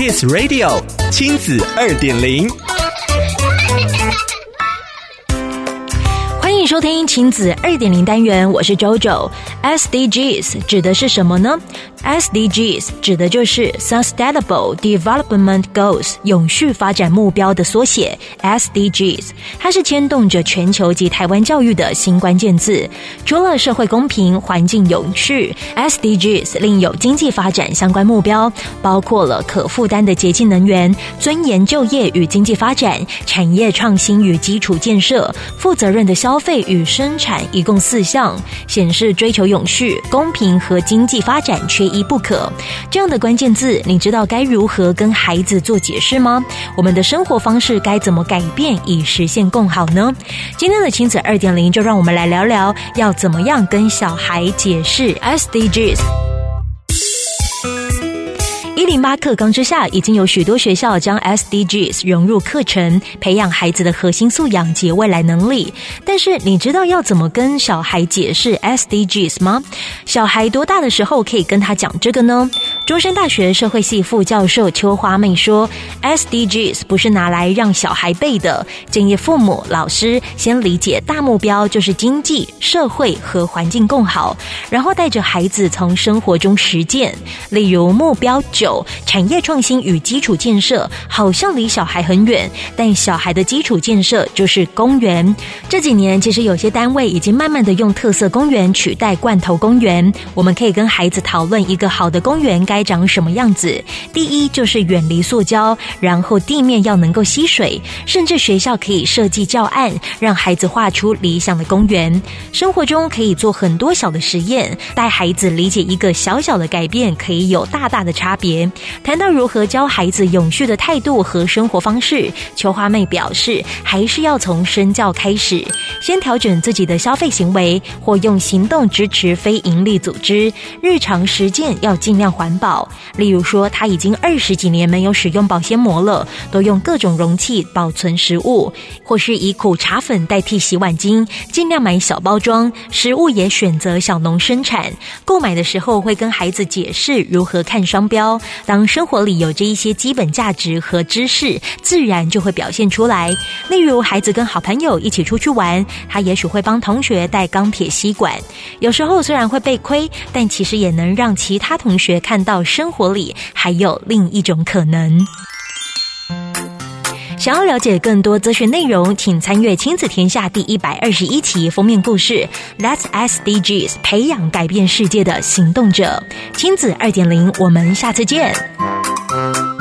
KISS Radio 親子二點零，歡迎收聽親子二點零單元，我是 JoJo。SDGs 指的是什麼呢？SDGs 指的就是 Sustainable Development Goals，永續發展目標的縮寫。SDGs 它是牽動着全球及台灣教育的新關鍵字。除了社會公平、環境永續，SDGs 另有經濟發展相關目標，包括了可負擔的潔淨能源、尊嚴就業與經濟發展、產業創新與基礎建設、負責任的消費與生產，一共四項，顯示追求永續、公平和經濟發展缺一不可，這樣的關鍵字，你知道該如何跟孩子做解釋嗎？我們的生活方式該怎麼改變，以實現共好呢？今天的親子二點零，就讓我們來聊聊，要怎麼樣跟小孩解釋 SDGs。108課綱之下，已經有許多學校將 SDGs 融入課程，培養孩子的核心素養及未來能力。但是，你知道要怎麼跟小孩解釋 SDGs 嗎？小孩多大的時候可以跟他講這個呢？中山大學社會系副教授邱花妹說：“SDGs 不是拿來讓小孩背的，建議父母、老師先理解大目標就是經濟社會和環境共好，然後帶着孩子從生活中實踐。例如目標九，產業創新與基礎建設，好像離小孩很遠，但小孩的基礎建設就是公園。這幾年其實有些單位已經慢慢的用特色公園取代罐頭公園，我們可以跟孩子討論一個好的公園。”該長什麼樣子？第一就是遠離塑膠，然後地面要能夠吸水，甚至學校可以設計教案，讓孩子畫出理想的公園。生活中可以做很多小的實驗，帶孩子理解一個小小的改變可以有大大的差別。談到如何教孩子永續的態度和生活方式，秋花妹表示，還是要從身教開始，先調整自己的消費行為，或用行動支持非營利組織，日常實踐要盡量環保。保，例如說他已經二十幾年沒有使用保鮮膜了，都用各種容器保存食物，或是以苦茶粉代替洗碗精，盡量買小包裝食物，也選擇小農生產。購買的時候會跟孩子解釋如何看商標。當生活裡有著一些基本價值和知識，自然就會表現出來。例如，孩子跟好朋友一起出去玩，他也許會幫同學帶鋼鐵吸管。有時候雖然會被虧，但其實也能讓其他同學看到。到生活裡還有另一種可能，想要了解更多故事內容，請參閱《親子天下》第一百二十一期封面故事。Let's SDGs，培養改變世界的行動者。親子二點零，我們下次見。